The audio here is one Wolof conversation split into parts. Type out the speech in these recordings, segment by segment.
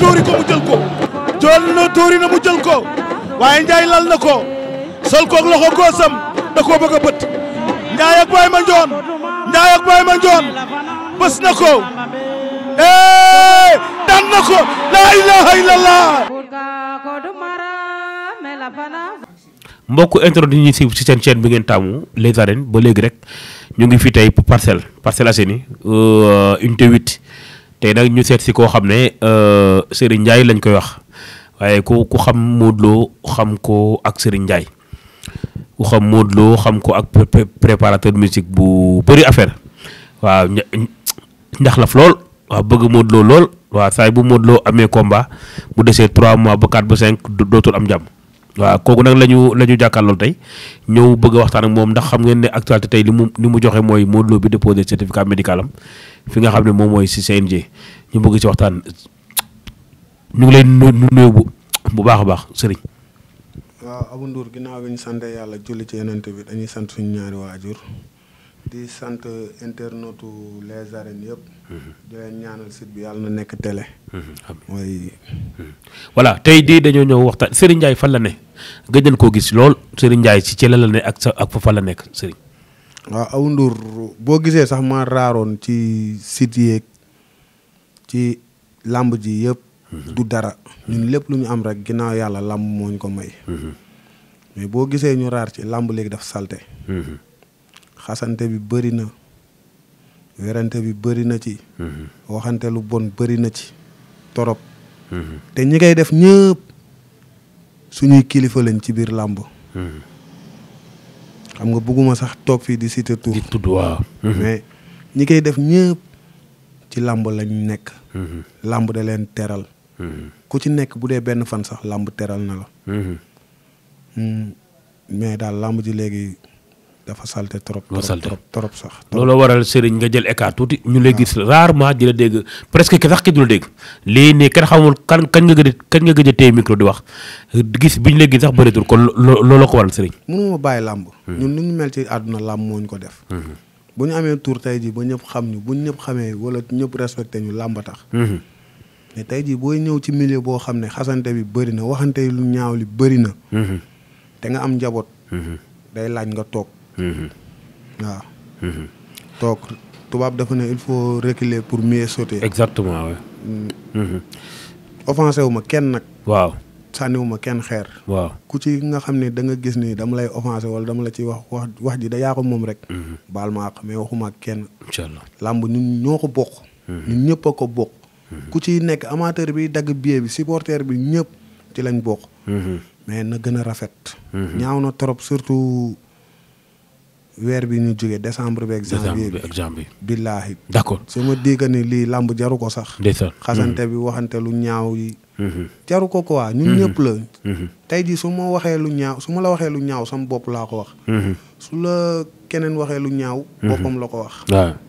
tuuri ko mu jël ko jël na tuuri na mu jël ko waaye Ndiaye lal na ko sol koog loxo góosam da koo bëgg bët Ndiaye ak Baye Mandione Ndiaye bës na ko eh daan na ko la ilaha illallah mbokk introduit ñi si si seen chaîne bi ngeen taamu les ba léegi rek ñu ngi fi tey parcelle parcelle Assainies euh, unité 8 te nag ñu seet si koo xam ne euh, Serigne Ndiaye lañ koy wax waaye ku ku xam Modou xam ko ak Serigne Ndiaye ku xam Modou xam ko ak préparateur musique bu bëri affaire waaw njaxlaf lool waaw bëgg Modou lool waa saay bu Modou Lo amee combat bu desee trois mois ba 4 ba 5 dootul am jàmm. waaw kooku nag la ñu la ñu jàkkaarlool tey ñëw bëgg waxtaan ak moom ndax xam ngeen ne actualité tey li mu li mu joxe mooy Modou Lo bi déposé certificat médical am fi nga xam ne moom mooy si CNG ñu bëgg si waxtaan ñu ngi lay nuyu bu bu baax a baax sëriñ. waaw Abou Ndour ginnaaw bi ñu sant yàlla julli ci yonent bi dañuy sant suñu ñaari waajur di sant internautes les arènes yëpp. Mhm. di ñaanal site bi yàlla na nekk télé. Mhm. mooy. Mhm. voilà tey dii dañoo ñëw waxtaan Serigne Ndiaye fan la ne gëj koo gis lool Serigne Ndiaye ci cëla la ne ak sa ak fa fan la nekk Serigne. waaw aw Ndour boo gisee sax ma raaroon ci sit yeeg ci làmb ji yëpp. du dara ñun lépp lu ñu am rek ginnaaw yàlla làmb moo ñu ko may. mais boo gisee ñu raar ci làmb léegi daf salte xasante bi bëri na werante bi bëri na ci mhm. waxante lu bon bëri na ci torop mhm. te ñi kay def ñëpp suñuy kilifa lañ ci biir làmb mhm. xam nga bëgguma sax toog fii di cité tur mais ñi koy def ñëpp ci làmb lañ nekk làmb de leen teral ku ci nekk bu dee benn fan sax làmb teral na la hmm. mais daal làmb ji léegi dafa salte trop. trop trop sax. looloo waral sëriñ nga jël écart tuuti. ñu lay gis rarement di la dégg presque ki sax ki du la dégg. lii nii kenn xamul kan kañ nga gëj kañ nga gëj a téye micro di wax gis biñ la gis sax bëreetul kon loo looloo ko waral sëriñ. mënuma bàyyi làmb. Hmm. ñun ni ñu mel ci àdduna làmb moo ñu ko def. Hmm. bu ñu amee tour tey jii ba ñëpp xam ñu bu ñëpp xamee wala ñëpp respecté ñu làmb tax. Hmm. tey jii booy ñëw ci milieu boo xa ne bi bëri na waxante lu ñaaw li bëri na. te nga am njaboot. day laaj nga toog waaw. toog mm-hmm. tubaab dafa ne il faut reculer pour mieux sauter. exactement waaw. Mm. Mm-hmm. wu ma kenn nag. waaw sànniwu ma kenn xeer. waaw ku ci nga xam ne da nga gis ni dama lay offensé wala dama la ci wax wax wax ji da yaa ko moom rek. Mm-hmm. baal ma àq mais waxuma ak kenn. allah làmb ñun ñoo ko bokk. ñun ñëpp a ko bokk. ku ci nekk amateur bi dagg billet bi supporter bi ñëpp ci lañ bokk. mais na gën a rafet. ñaaw na trop surtout. weer bi ñu jógee décembre bi ak janvier bi janvier billaahi d'accord su ma dégg ni lii làmb jaru ko sax xasante mm-hmm. bi waxante lu ñaaw yi mm-hmm. jaru ko quoi ñun mm-hmm. ñëpp la tey jii su ma waxee lu ñaaw su ma la waxee lu ñaaw sama bopp laa ko wax su la keneen waxee lu ñaaw boppam la ko wax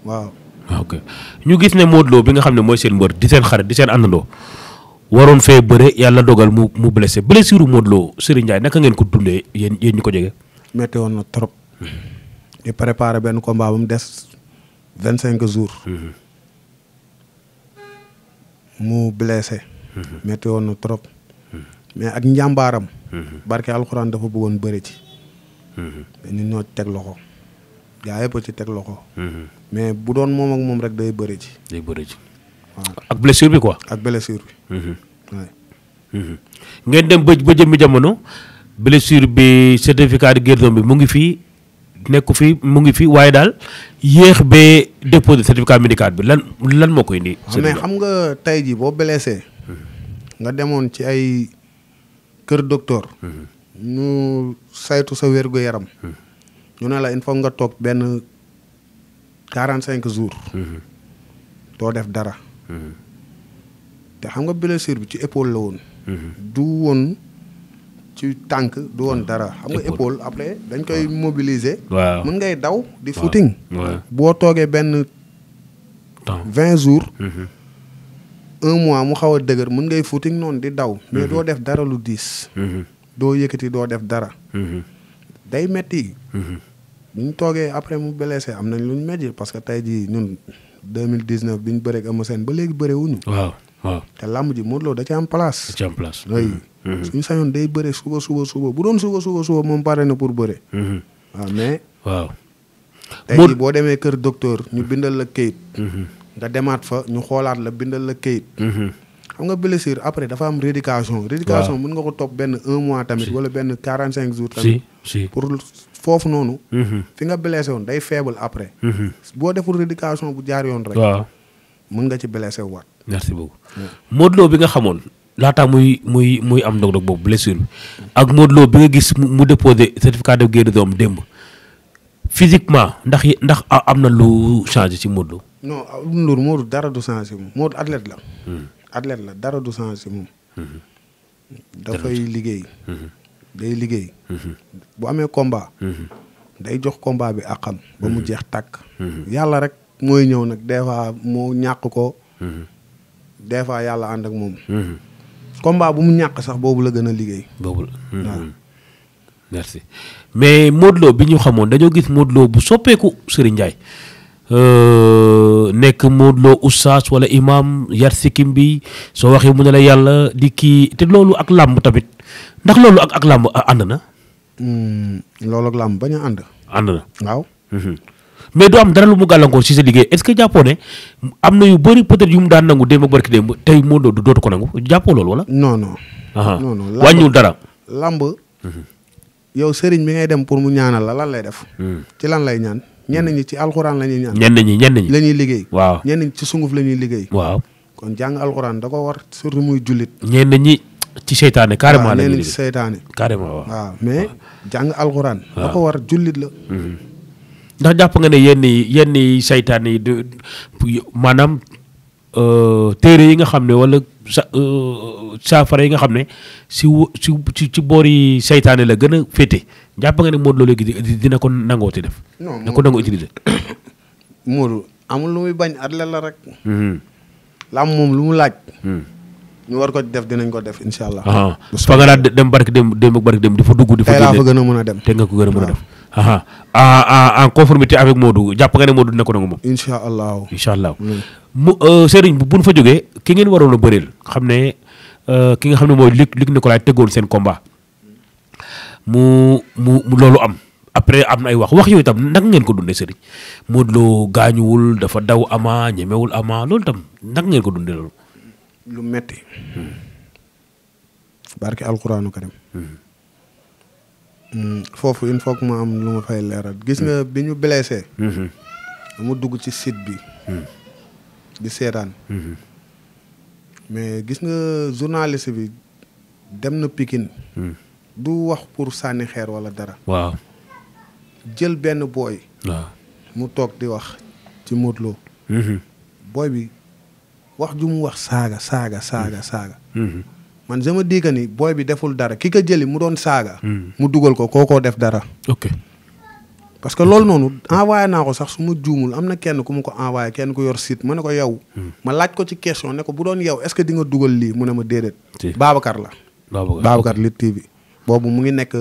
waaw ah, ñu gis ne Modou Lo bi nga xam ne mooy seen mbër di seen xarit di seen àndandoo waroon fee bëre yàlla dogal mu mu blessé blessure Modou Lo Serigne Ndiaye naka ngeen ko dundee yéen yéen ñu ko jege metti na trop di préparer benn combat ba mu des vingt cinq jours. mu blessé. metti woon trop. mais ak njàmbaaram. barke alxuraan dafa bëggoon bëri ci. mais ñun teg loxo. gaa yëpp ci teg loxo. mais bu doon moom ak moom rek day bëri ci. day bëri ci waaw ak blessure bi quoi. ak blessure bi. Mhm. ngeen dem ba ba jëmmi jamono blessure bi certificat de guéridon bi mu ngi fii. nekku fi mu ngi fi waaye daal yéex ba déposé certificat médical bi lan lan moo koy indi. Ah, mais xam nga tey jii boo blessé. nga demoon ci ay kër docteur. ñu saytu sa wérgu yaram. ñu ne la il faut nga toog benn quarante cinq jours. doo def dara. te xam nga blessure bi ci épaule la woon. du woon. ci tànk du woon dara xam nga épaule après dañ koy mobiliser waaw mën ngay daw di footing boo toogee benn temps vingt jours mhm. un mois mu xaw a dëgër mën ngay footing noonu di daw mais mhm. doo def dara lu diis mhm. doo yëkkati doo def dara day metti bu ñu toogee après mu blessé am nañ lu ñu metti parce que tey jii ñun deux mille dix neuf bi ñu bëreeg Eumeu Sène ba léegi bëre waaw te làmb ji Modou Lo da ci am place. da ci am mm-hmm. Mm-hmm. sañoon day bëre suba suba suba bu doon suba suba suba moom pare na pour bëre. Mm-hmm. waaw mais. waaw. boo demee kër docteur ñu bindal la kayit. nga demaat fa ñu xoolaat la bindal la kayit. xam nga blessure après dafa am réducation rééducation mun nga ko topp benn un mois tamit. wala benn quarante cinq jours tamit. si pour foofu noonu. fi nga blessé woon day faible après. boo deful rééducation bu jaar yoon rek. waaw mën nga ci blessé waat. merci beaucoup Modou bi nga xamoon laataa muy muy muy am ndog-ndog boobu blessure ak Modou bi nga gis mu déposé certificat de guerre doom démb physiquement ndax ndax am na lu changé ci Modou Lo. non Alioune ah, Ndour Modou dara du changé moom Modou athlète la. Hmm. athlète dara du changé moom. Hmm. dafay liggéey. Hmm. day liggéey. bu amee combat. day jox combat bi àqam. ba mu jeex tàkk. yàlla rek mooy ñëw nag des fois mu ñàkk ko. des fois yàlla ànd ak moom. Mhm. combat bu mu ñàkk sax boobu la gën a liggéey. boobu la mhm. merci mais Modou bi ñu xamoon dañoo gis Modou bu soppeeku Serigne Ndiaye euh, nekk Modou Lo oustaz wala imam yar sikkim bi soo waxee mu ne la yàlla di kii te loolu ak làmb tamit ndax loolu ak ak làmb ànd na. Hmm, loolu ak làmb bañ a ànd. ànd na mais du am dara lu mu gàllankoor ci sa liggéey est-ce que am na yu bëri peut yu mu daan nangu démb ak barki démb tey moo doo dootu ko nangu jàppoo loolu wala. non non. non non wàññiwul dara. lamb mhm. yow sëriñ bi ngay dem pour mu ñaanal la lan lay def. Hmm. ci lan lay ñaan ñenn ñi ci alxuraan la ñuy ñaan. ñenn ñi ñenn ñi la ñuy liggéey. waaw ñenn ñi ci sunguf la ñuy liggéey. waaw kon jàng alxuraan da ko war surtout muy jullit. ñenn ñi ci seytaane carrément. la ñuy liggéey waaw ñenn mais jàng alxuraan. da ko war jullit la. Mhm. ndax jàpp nga ne yenn yenn seytaane yi du maanaam euh, téere yi nga xam ne walla sa euh, saafara yi nga xam ne si si ci boor yi saytaane la gën a féete jàpp nga ne Modou Lo léegi dina ko nangooti def. non ko nangoo utiliser. Modou amul lu muy bañ atlet la rek. Mm-hmm. la moom lu mu laaj. Mm. ñu war ko def dinañ ko def incha allah. Ah, fa nga daan dem barki dem dem ak barki dem di fa dugg. di fa tey laa fa gën a mën a dem. te nga ko gën a mën a ah. def. en en conformité avec Modou jàpp nga ne Modou dina ko nangu moom. incha allahu incha allahu. mu euh, Serigne bu buñ fa jógee ki ngeen waroon a bëreel xam ne euh, ki nga xam ne mooy Luc Luc Nicolaï teggoon seen combat mu mu loolu am après am na ay wax wax yooyu tam naka ngeen ko dundee Serigne Modou Lo gaañuwul dafa daw ama ñemewul ama loolu tam naka ngeen ko dundee loolu. metti hmm. barke alquraanu Mm, foofu il faut que ma am lu ma fay leeral gis nga bi ñu blessé mu mm-hmm. dugg ci sit bi mm. di seetaan mm-hmm. mais gis nga journaliste bi dem na pikin mm. du wax pour sànni xeer wala dara waaw jël benn booy mu toog di wax ci Modou Lo mm-hmm. booy bi wax ju mu wax saaga saaga saaga saaga man je me dis que ni booy bi deful dara ki ko jëli mu doon saaga. Hmm. mu dugal ko koo kookoo def dara. ok parce que loolu noonu envoyé naa ko sax su ma juumul am na kenn ku mu ko envoyé kenn ku yor site ma ne ko yow. Hmm. ma laaj ko ci question ne ko bu doon yow est-ce que di nga lii mu ne ma déedéet. Babacar la. Babacar Babacar Lutte TV boobu mu ngi nekk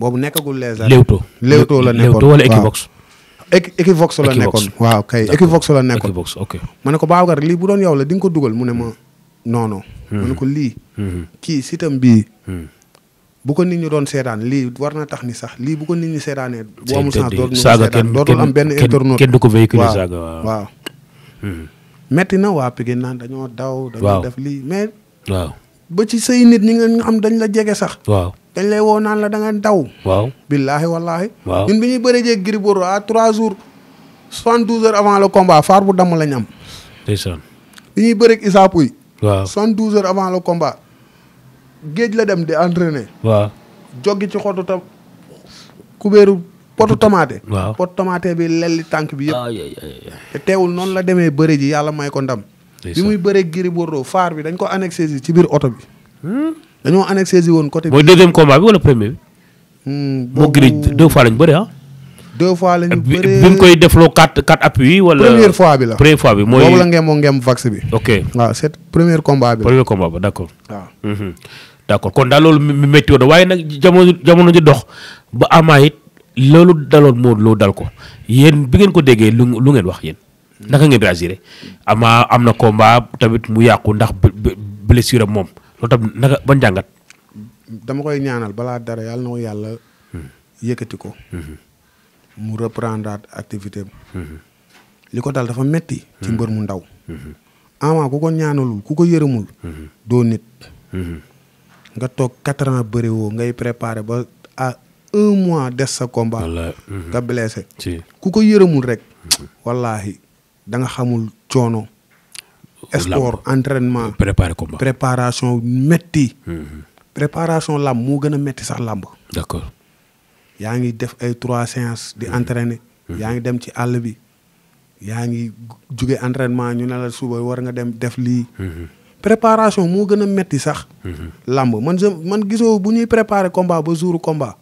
boobu nekkagul les. Leewtoo Leewtoo la nekkoon la nekkoon waaw kay la nekkoon. Equivox ok ma ne lii bu doon yow la di ko dugal mu ne ma. non non. Hmm. mu ko lii. Hmm. kii sitam bii. Hmm. bu ko nit ñu doon seetaan lii war na tax ni sax lii bu ko nit ñi seetaanee. bu amul sens dootul seetaan am benn internaute kenn du ko véhiculer saaga waaw metti na waa Pikine naan dañoo daw. dañoo def lii mais. waaw ba ci sëy nit ñi nga am dañ la jege sax. waaw dañ lay woo naan la da daw. waaw billaahi wallaahi. waaw ñun bi ñuy bëree jeeg Gris Bordeaux trois jours soixante douze heures avant le combat faar bu damm lañ am. ndeysaan. bi ñuy bëreeg Issa waaw soixante-douze heures avant la combat géej la dem di entraîner. waaw joggi ci xottu tam kubéeru potu tomate. waaw potu tomate bi lelli tànk bi yëpp. te teewul noonu la demee bëri ji yàlla may ko ndam. bi muy bëree Gris Bordeaux faar bi dañ ko annexé ci biir oto bi. Hmm? dañoo annexé woon côté. mooy deuxième combat bi wala premier bi. boobu hmm, moo Gris deux fois lañ bëri ah. deux fois bi mu koy defloo quatre quatre appuis wala. première bi la première fois bi mooy. boobu la ngeemoo ngeem vax bi. ok waaw c'est premier combat bi. premier combat ba d'accord. waaw. Mhm. kon daal loolu métti woon nag jamono jamono ji dox ba Ama it loolu daloon Modou Lo dal ko yéen bi ngeen ko déggee lu lu ngeen wax yéen. naka ngeen réagir Ama am na combat tamit mu yàqu ndax blessure am moom loolu tam naka ban jàngat. dama koy ñaanal balaa dara yàlla na ko yàlla hmm. yëkkati ko. Hmm. mu reprendre activité mhm. li ko dal dafa metti ci mhm. mbër mu ndaw. Mhm. ama ku ko ñaanalul ku ko yërëmul. doo nit. nga toog quatre ans bëri ngay préparé ba à un mois des sa combat. nga blessé. ku ko yërëmul rek. wallaahi da nga xamul coono. sport entraînement préparé combat préparation metti préparation làmb moo gën a metti sax lamb yaa ngi def ay trois séances di mm-hmm. entraîner. Mm-hmm. yaa ngi dem ci àll bi yaa ngi jóge entraînement ñu ne la suuba war nga dem def lii. Mm-hmm. préparation moo gën a metti sax. lamb man je man gisoo bu ñuy préparer combat ba jour combat.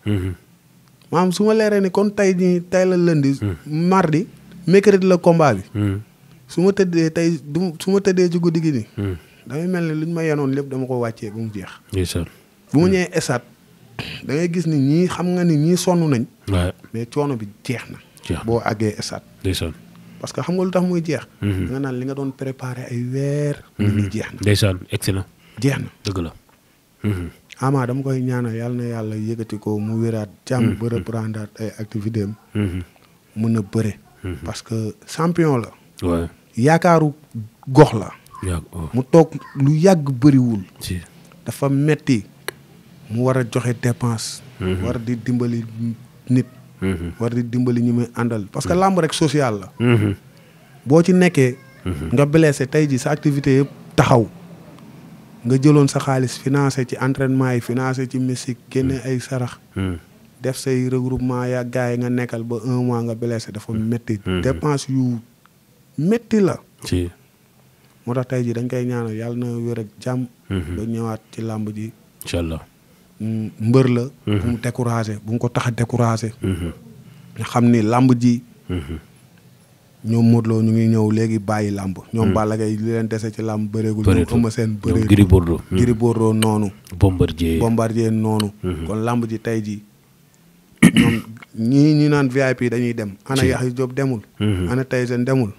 maanaam su ma leeree ni kon tey jii tey la lundi. Mm. mardi mercredi la combat bi. Mm. ma tëddee tey du su ma tëddee ci guddi gi nii. Mm. damay mel ni lu ñu ma yenoon lépp dama ko wàccee bu mu jeex. bu ma ñëwee esat da gis ni ñii xam nga ni ñii sonn nañ. mais coono bi jeex na. boo àggee esaat. ndeysaan parce que xam nga lu tax muy jeex. da mhm. naan li nga doon préparé ay weer. li mhm. jeex na ndeysaan excellent. jeex na dëgg la. Mhm. Ama dama koy ñaanal yàlla na yàlla yëkkati ko mu wéraat. jàmm ba reprendre ay activité mën na bëre. parce que champion la. yaakaaru gox la. Oh. mu toog lu yàgg bëriwul. dafa metti mu war a joxe dépense. Mhm. war di dimbali nit. Mhm. war di dimbali ñu muy àndal parce que mhm. làmb rek social la. boo ci nekkee. nga blessé tey ji sa activité yëpp taxaw. nga jëloon sa xaalis financé ci entraînement yi finance ci musique génne ay sarax. def say regroupement yaa gars yi nga nekkal ba un mois nga blessé dafa métti. dépense yu métti la. moo tax tey ji dañ koy ñaanal yàlla na wér ak jàmm. ba ñëwaat ci làmb ji. incha mbër la. Mhm. bu mu découragé bu mu ko tax a découragé. Mhm. xam ni làmb ji. Mhm. ñoom Modou Lo ñu ngi ñëw léegi bàyyi làmb. ñoom Balla Gaye li leen dese ci làmb bëreegul. bëreegul ñoom seen bëreegul Gris Bordeaux. Gris Bordeaux noonu. Bombardier Bombardier noonu. kon làmb ji tey ji ñoom ñu naan VIP dañuy dem. ana Yaxya Diop demul. ana Tyson demul.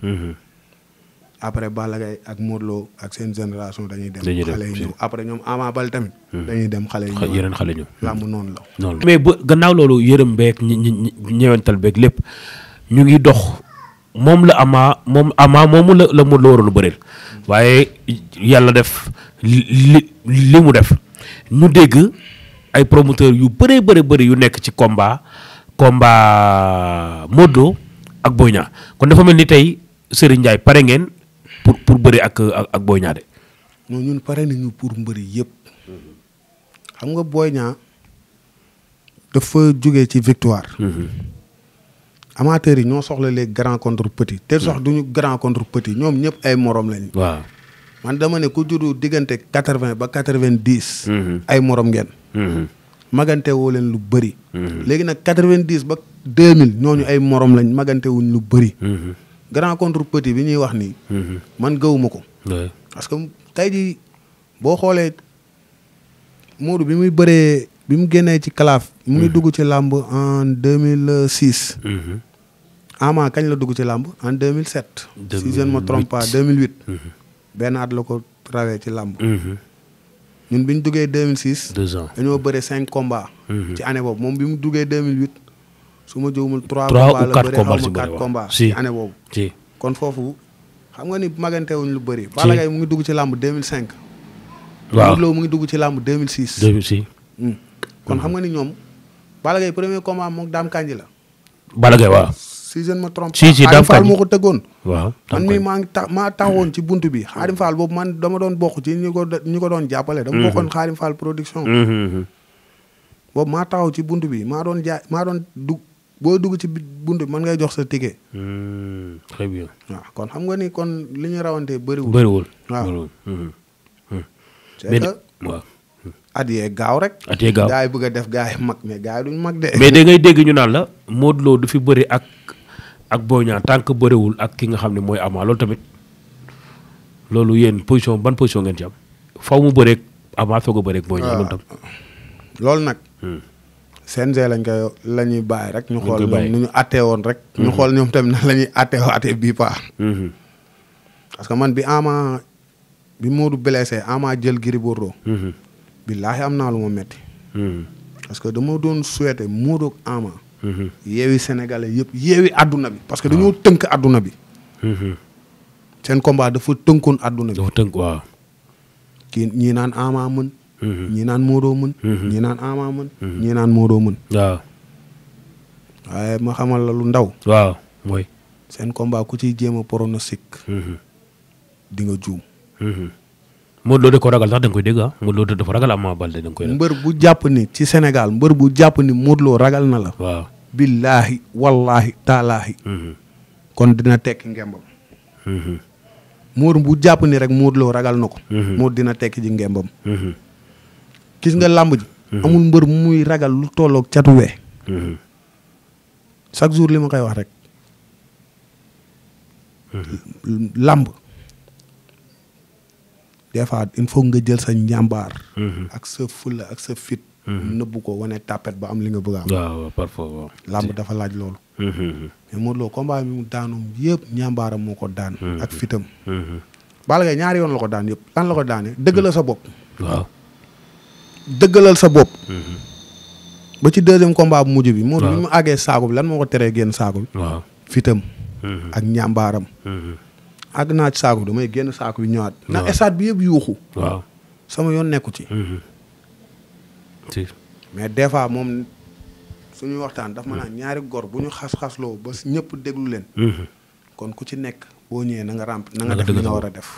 après Balla ak Modou ak seen génération dañuy dem. xale yi ñëw après ñoom Ama Baldé tamit. Hmm. dañuy dem xale yi ñëw yeneen xale ñëw. Hmm. làmb noonu la. noonu mais bu gannaaw loolu yërëm beeg ñi ñi ñëwantal beeg lépp ñu ngi dox moom la Ama moom Ama moomu la la lu Lo waaye yàlla def li li mu def ñu dégg ay promoteurs yu bëree bëri bëri yu nekk ci combat combat Modou ak Boy Niang kon dafa mel ni tey Serigne Ndiaye pare ngeen. pour pour bëri ak ak Boy Niang de. non ñun pare nañu pour mbëri yëpp. xam nga Boy Niang fa jógee ci victoire. Mm-hmm. amateurs yi ñoo soxla les grands contre petits sox mm. du ñu grand contre ñoom ñëpp ay morom lañu. waaw man dama ne ku juddu diggante quatre ba quatre vingt dix. Mm-hmm. ay morom ngeen. Mm-hmm. magante woo leen lu bëri. léegi nag quatre vingt ba deux mille ñooñu ay morom lañ magante wuñ lu bëri. grand contre petit bi ñuy wax nii. Mhm. man gëwuma ko. parce que tey jii boo xoolee Modou bi muy bëree bi mu génnee ci kalaaf. mu ngi mhm. dugg ci làmb en deux 2006. Mhm. Ama kañ la dugg ci làmb en 2007. 2008 si je ne me trompe pas 2008. benn at la ko rawee ci làmb. ñun bi ñu duggee 2006. deux ans dañoo bëre cinq combats. ci année boobu moom bi mu duggee 2008. su ma jëwumul trois ou quatre combats la boobu kon foofu xam nga ni magantewuñ lu bëri Balla Gaye mu ngi dugg ci làmb 2005 waaw Modou Lo mu ngi dugg ci làmb 2006 2006 hmm. kon xam nga ni ñoom Balla Gaye premier combat moom Dame Kandji la Balla Gaye waaw si je ne me si si Dame Fall moo ko tëggoon waaw man mii maa ngi tax maa taxawoon ci buntu bi Xaadim Fall boobu man dama doon bokk ci ko ñu ko doon jàppale dama mm-hmm. bokkoon Xaadim Fall production mm-hmm. boobu maa ci buntu bi maa doon jaay maa doon dugg boo dugg ci bunt bi mën ngay jox sa ticket. Hmm, très kon xam nga ni kon li ñu rawante bëriwul. bëriwul waaw. Hmm, hmm, at yee gaaw rek. at yee gaaw gaa yi bëgg a def gaa yi mag mais gaa yi duñ mag de. mais da ngay dégg ñu naan la Modou Lo du fi bëri ak ak Boy Niang tant que bëriwul ak ki nga xam ne mooy Ama loolu tamit loolu yéen position ban position ngeen ci am faw mu bëreeg Ama soog a bëreeg Boy Niang loolu tam. Ah, loolu nag. CNG lañ koy la ñuy bàyyi rek. ñu xool ñoom nu ñu àttee woon rek. ñu mhm. xool ñoom tamit la ñuy àttee waatee bii paa. Mhm. parce que man bi Ama bi Modou blessé Ama jël Gris Bordeaux. Mhm. billaahi am naa lu ma metti parce que dama doon souhaité Modou ak Ama. yeewi sénégalais yëpp yeewi àdduna bi. parce que dañoo ah. tënk àdduna bi. seen combat dafa tënkoon àdduna bi. dafa tënk waaw. kii ñii naan Ama mën Mm-hmm. ñii naan Modou mën. Mm-hmm. ñii naan Ama mën. Mm-hmm. ñii naan Modou mën. waaw. ma xamal la lu ndaw. waaw mooy. seen combat ku ci jéem a pronostic. di nga juum. Modou Lo da ko ragal sax da nga koy dégg ah Modou Lo dafa mbër bu jàpp ni ci senegal mbër bu jàpp ni Modou Lo ragal na la. waaw billaahi wallaahi taalaahi. kon dina tekki ngembam. Modou bu jàpp ni rek Modou Lo ragal na ko. Modou dina tekki ji ngembam. gis nga làmb ji. amul mbër muy ragal lu tolloog catu wee. chaque jour li ma koy wax rek. làmb fois il faut nga jël sa njàmbaar. ak sa ak sa fit. ko wane tàppet ba am li nga bëgg a am. dafa laaj loolu. mais Modou Lo combat bi mu daanum yëpp njàmbaaram moo ko daan. ak fitam. Hmm, hmm, hmm. Balla Gaye ñaari yoon la ko daan yëpp lan la ko daanee dëgg sa bopp. dëggalal sa bopp. Mhm. ba ci deuxième combat bu mujj bi. moo Modou bi mu àggee saako bi lan moo ko teree génn saako bi. fitam mhm. ak ñàmbaaram. Mhm. àgg naa ci saako bi damay génn saako bi ñëwaat. waaw ndax stade bi yëpp yuuxu. sama yoon nekku ci. mais des fois moom suñuy waxtaan daf ma naan ñaari góor bu ñu xas-xasloo ba ñëpp déglu leen. kon ku ci nekk boo ñëwee na nga ramp na nga def li nga war a def.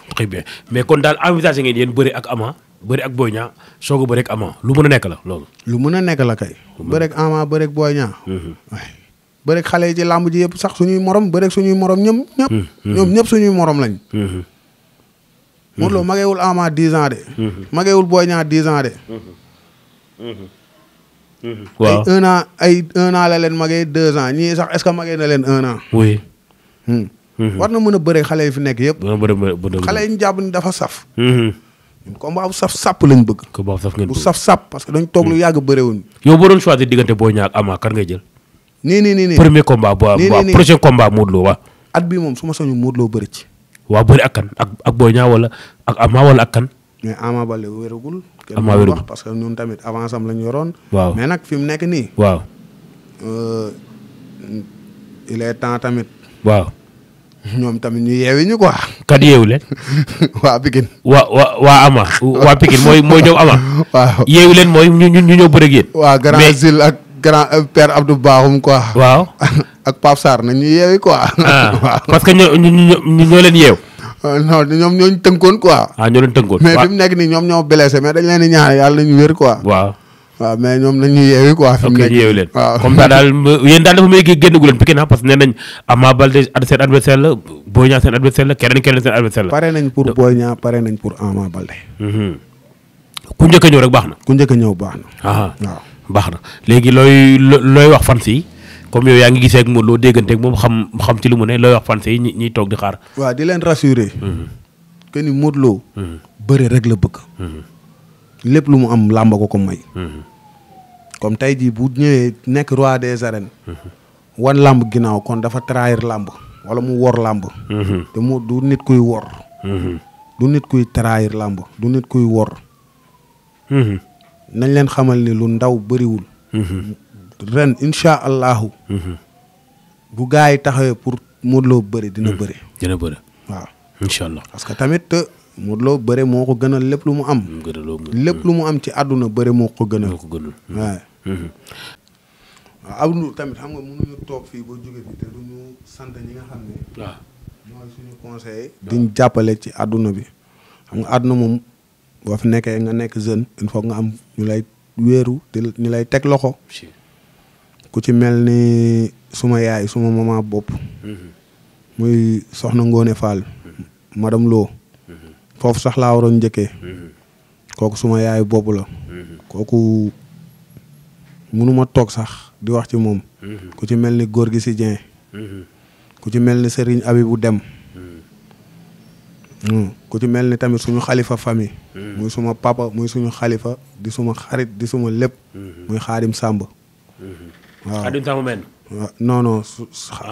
mais kon daal envisagé ngeen yéen bëri ak Ama. bëri ak Boy Niang soog a bëri ak Ama lu mën a nekk la loolu. lu mën a nekk la kay. bëri ak Ama bëri ak Boy mhm. xale yi ci làmb ji yëpp sax suñuy morom bëri ak suñuy morom ñoom ñëpp. Mhm. Mhm. ñoom ñëpp suñuy morom lañ. Modou Lo mageewul Ama 10 ans de. mageewul Boy Niang 10 ans de. waaw ay un ay un la leen magee deux ans ñii sax est-ce que magee na leen un an. oui. Hmm. war na mën a bëre xale yi fi nekk yëpp. a xale yi ñu jàpp ni dafa saf. ñun combat bu saf sàpp lañ bëgg. combat bu saf bu saf sàpp parce que dañ toog lu hmm. yàgg bëre wuñ. yow boo doon choisir diggante Boy Niang ak Ama kan ngay jël. nii nii nii premier combat bu waa prochain combat Modou Lo waaw. at bi moom su ma sañu Modou Lo bëri ci. waa bëri ak kan ak ak Boy Niang wala ak Ama wala ak kan. mais Ama Baldé wérugul. Ama wérugul wax parce que ñun tamit avant am lañ yoroon. waaw mais nag fi mu nekk nii. waaw. Euh, temps tamit. waaw. ñoom tamit ñu yeewi ñu quoi. kat yeewu leen. waa Pikine. waa waa waa Ama. waa Pikine mooy mooy ñëw Ama. waaw yeewu leen mooy ñu ñu ñëw bëreeg yéen. waa grand Zil ak grand euh, père Abdou quoi. waaw ak Pape saar nañ ñu yeewi quoi. Ah. waaw parce que ñoo ñu ñoo leen yeew. Euh, non ñoom ñoo ñu tënkoon quoi. ah ñoo leen tënkoon. mais bi mu nekk nii ñoom ñoo blessé mais dañ leen di ñaan yàlla wér quoi. waaw mais ñoom nañu yeewi quoi. fi mu yeewi leen. comme daal yéen daal dafa mel ni génn gu parce que nee nañ Ama Baldé seen adversaire la Boy Niang seen adversaire la keneen keneen seen adversaire la. pare nañ pour Boy Niang pare mhm. ku njëkk ñëw rek baax na. ku njëkk a ñëw baax na. waaw baax na léegi looy looy wax fans yi comme yow yaa ngi gisee ak moom loo déggante ak moom xam xam ci lu mu ne looy wax fans yi ñi ñiy toog di xaar. waaw di leen rassurer. Mhm. que ni Modou mhm. rek la bëgg. lépp lu mu am làmba ko ko may. comme tey jii bu ñëwee nekk roi des arènes. wan làmb ginnaaw kon dafa trair làmb wala mu wor làmb. Mhm. te mu du nit kuy wor. Mhm. du nit kuy trahir làmb du nit kuy wor. Mhm. nañ leen xamal ni lu ndaw bëriwul. ren incha allahu. bu gars yi taxawee pour mu loo bëri dina bëri. dina bëri waaw. incha allah parce que tamit euh, Modou Lo bëri moo ko gënal lépp lu mu am. lépp lu mu am ci àdduna bëri moo ko gënal. ko gënal waaw mm-hmm. Abdou Ndour tamit xam nga mënuñu toog fii ba jóge fi te duñu sant ñi nga xam ne. diñ jàppale ci àdduna bi xam nga àdduna moom boo fi nekkee nga nekk jeune il faut nga am ñu lay wéeru ñu lay teg loxo. ku ci mel ni suma yaay suma mama bopp. Mm-hmm. muy soxna Ngone Fall. Mm-hmm. madame Lo. foofu sax laa waroon njëkkee. kooku suma yaay bopp la. kooku. mënuma toog sax di wax ci moom. Mm-hmm. ku ci mel ni góor gi si Dieng. Mm-hmm. ku ci mel ni sëriñ abi Abibou Dem. Mm-hmm. Mm. ku ci mel ni tamit suñu xalifa famille. muy suma papa muy suñu xalifa di suma xarit di suma lépp. muy xaadim Samba. waaw xaadim Samba men. non non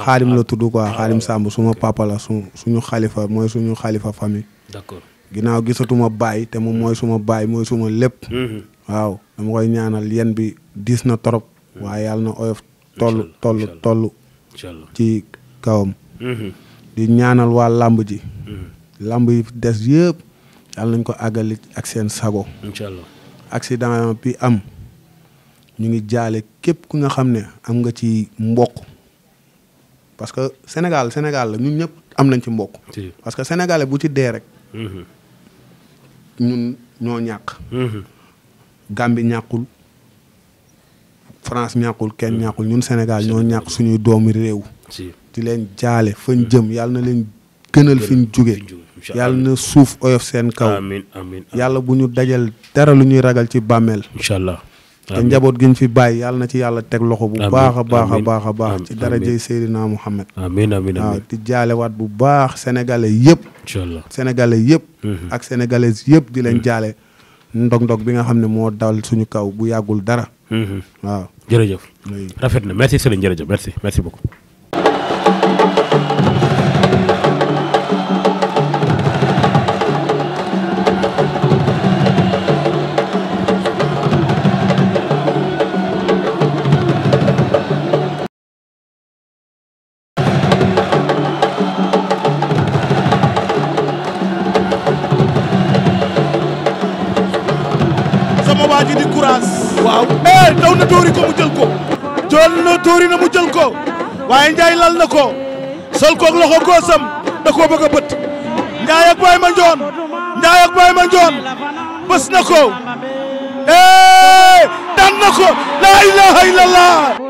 xaadim ah, la tudd quoi xaadim ah, Samba suma papa la su suñu xalifa mooy suñu xalifa famille. d'accord ginnaaw gisatuma baay te moom mooy suma baay mooy suma lépp. waaw dama koy ñaanal yen bi diis na torop waaye yàlla na oyof toll toll toll ci kawam mhm. di ñaanal waa làmb ji mhm. làmb yi des yëpp yàlla nañ ko àggali ak seen sago accident bi am ñu ngi jaale képp ku nga xam ne am nga ci mbokk parce que Sénégal Sénégal la ñun ñëpp am nañ ci mbokk parce que sénégalais bu ci dee rek mhm. ñun ñoo ñàkk Gambie ñàkkul France ñàkkul kenn hmm. ñàkkul ñun Sénégal ñoo ñàkk suñuy doomi réew di leen jaale fa jëm yàlla na leen gënal fi ñu jóge yàlla na suuf oyof seen kaw yàlla bu ñu dajal dara lu ñuy ragal ci bàmmeel incha allah te njaboot gi ñu fi bàyyi yàlla na ci yàlla teg loxo bu baax a baax a baax a baax ci darajey Seydina Muhammad amiin amiin waaw di jaalewaat bu baax sénégalais yëpp incha allah sénégalais yëpp hmm, hmm. yëpp di leen jaale ndog-ndog bi nga xam ne moo daal suñu kaw bu yàggul dara. Mm-hmm. waaw jërëjëf. rafet na merci Serigne jërëjëf merci merci beaucoup. waaye Ndiaye lal na ko sol koog loxo góosam da koo bëgg a bët Ndiaye ak Baye Mandione Ndiaye ak Baye Mandione bës na ko daan na ko la ilaha illallah